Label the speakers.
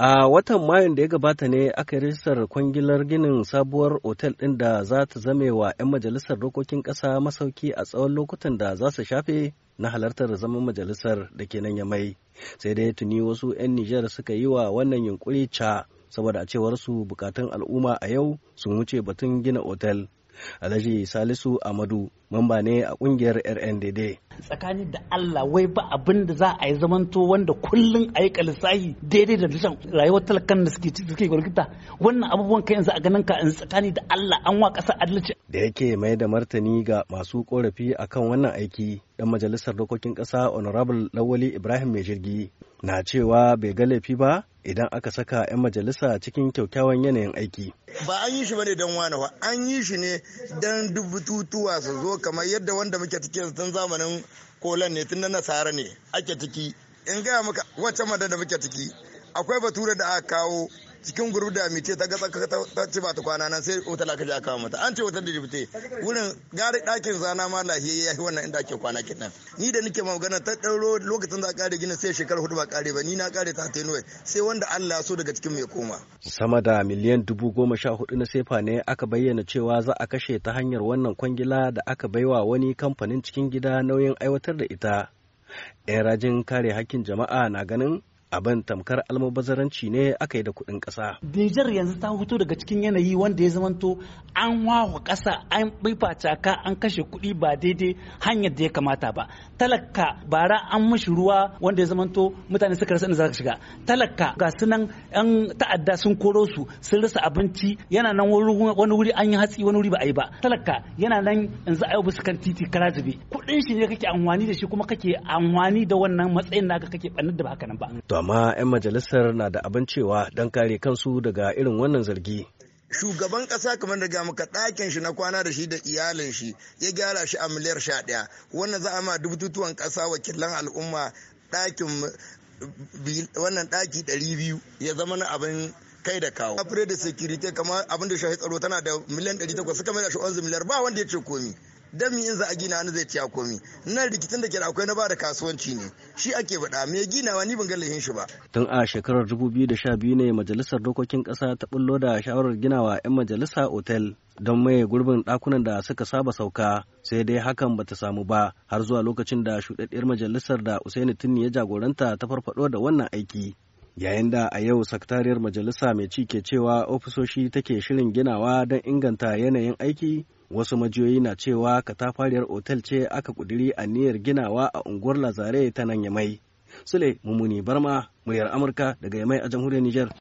Speaker 1: A watan Mayun da ya gabata ne aka yi rajistar kwangilar ginin sabuwar otel ɗin da za ta zame wa 'yan majalisar dokokin ƙasa masauki a tsawon lokutan da za su shafe na halartar zaman majalisar da ke nan yamai. Sai dai tuni wasu 'yan Nijar suka yi wa wannan yunkuri ca saboda a cewar su bukatun al'umma a yau sun wuce batun gina otel. Alhaji Salisu Amadu mamba ne a kungiyar RNDD. Tsakani
Speaker 2: da Allah wai ba abin da za a yi zamanto wanda kullum a yi kalisahi daidai da rashin rayuwar talakan da suke suke gwargita wannan abubuwan kai yanzu a ganin ka in tsakani da Allah an wa ƙasa adalci.
Speaker 1: Da yake mai da martani ga masu korafi akan wannan aiki dan majalisar dokokin ƙasa Honorable Lawali Ibrahim Mai Jirgi na cewa bai ga laifi ba idan aka saka 'yan majalisa cikin kyaukyawan yanayin aiki.
Speaker 3: Ba an yi shi ba ne don wani ba, an yi shi ne don dubututuwa su zo kamar yadda wanda muke cikin tun zamanin kolan ne tun na nasara ne ake ciki. In gaya maka wacce madada muke ciki. Akwai bature da aka kawo cikin gurbi da mite ta gasa gatsa ta ci ba ta kwana nan sai wata aka ji aka mata an ce 'Wata da jibte wurin gari ɗakin zana ma lahiya ya yi wannan inda ake kwana nan. ni da nake magana ta ɗauro lokacin da kare gina sai shekara hudu ba kare ba ni na kare ta nuwai sai wanda Allah so daga cikin mai koma.
Speaker 1: sama da miliyan dubu goma sha hudu na sefa ne aka bayyana cewa za a kashe ta hanyar wannan kwangila da aka baiwa wani kamfanin cikin gida nauyin aiwatar da ita. 'Yan rajin kare hakkin jama'a na ganin abin tamkar almubazaranci ne aka yi da kuɗin ƙasa.
Speaker 2: Nijar yanzu ta fito daga cikin yanayi wanda ya zamanto an wawa ƙasa an bifa caka an kashe kuɗi ba daidai hanyar da ya kamata ba. Talaka bara an mashi ruwa wanda ya zamanto mutane suka rasa inda za su shiga. Talaka ga sunan yan ta'adda sun koro su sun rasa abinci yana nan wani wuri an yi hatsi wani wuri ba a yi ba. Talaka yana nan yanzu a yau bisa kan titi karazibe. Kuɗin shi ne kake amfani da shi kuma kake amfani da wannan matsayin naka kake ɓannar da ba haka nan ba.
Speaker 1: amma 'yan majalisar na da abin cewa don kare kansu daga irin wannan zargi
Speaker 3: shugaban kasa kamar daga maka ɗakin shi na kwana da shi da iyalin shi ya gyara shi a miliyar sha ɗaya wannan za a ma dubututuwan kasa wakilan al'umma ɗakin wannan ɗaki ɗari biyu ya zama na abin kai da kawo. Afirka da security kamar abin da shahi tsaro tana da miliyan takwas suka mai da shi miliyar ba wanda ya ce komi. dan mi in za a gina ni zai tiya komi nan rikicin da ke akwai na bada kasuwanci ne shi ake faɗa me ginawa ni ban gan lahin shi ba
Speaker 1: tun a shekarar 2012 ne majalisar dokokin ƙasa ta bullo da shawarar ginawa 'yan majalisa otel don maye gurbin ɗakunan da suka saba sauka sai dai hakan bata samu ba har zuwa lokacin da shuɗaɗɗiyar majalisar da Usaini Tinni ya jagoranta ta farfaɗo da wannan aiki yayin da a yau sakatariyar majalisa mai ci ke cewa ofisoshi take shirin ginawa don inganta yanayin aiki wasu majiyoyi na cewa katafariyar otel ce aka a niyyar ginawa a unguwar lazare ta nan yamai sule mummuni barma muryar amurka daga yamai a jamhuriyar niger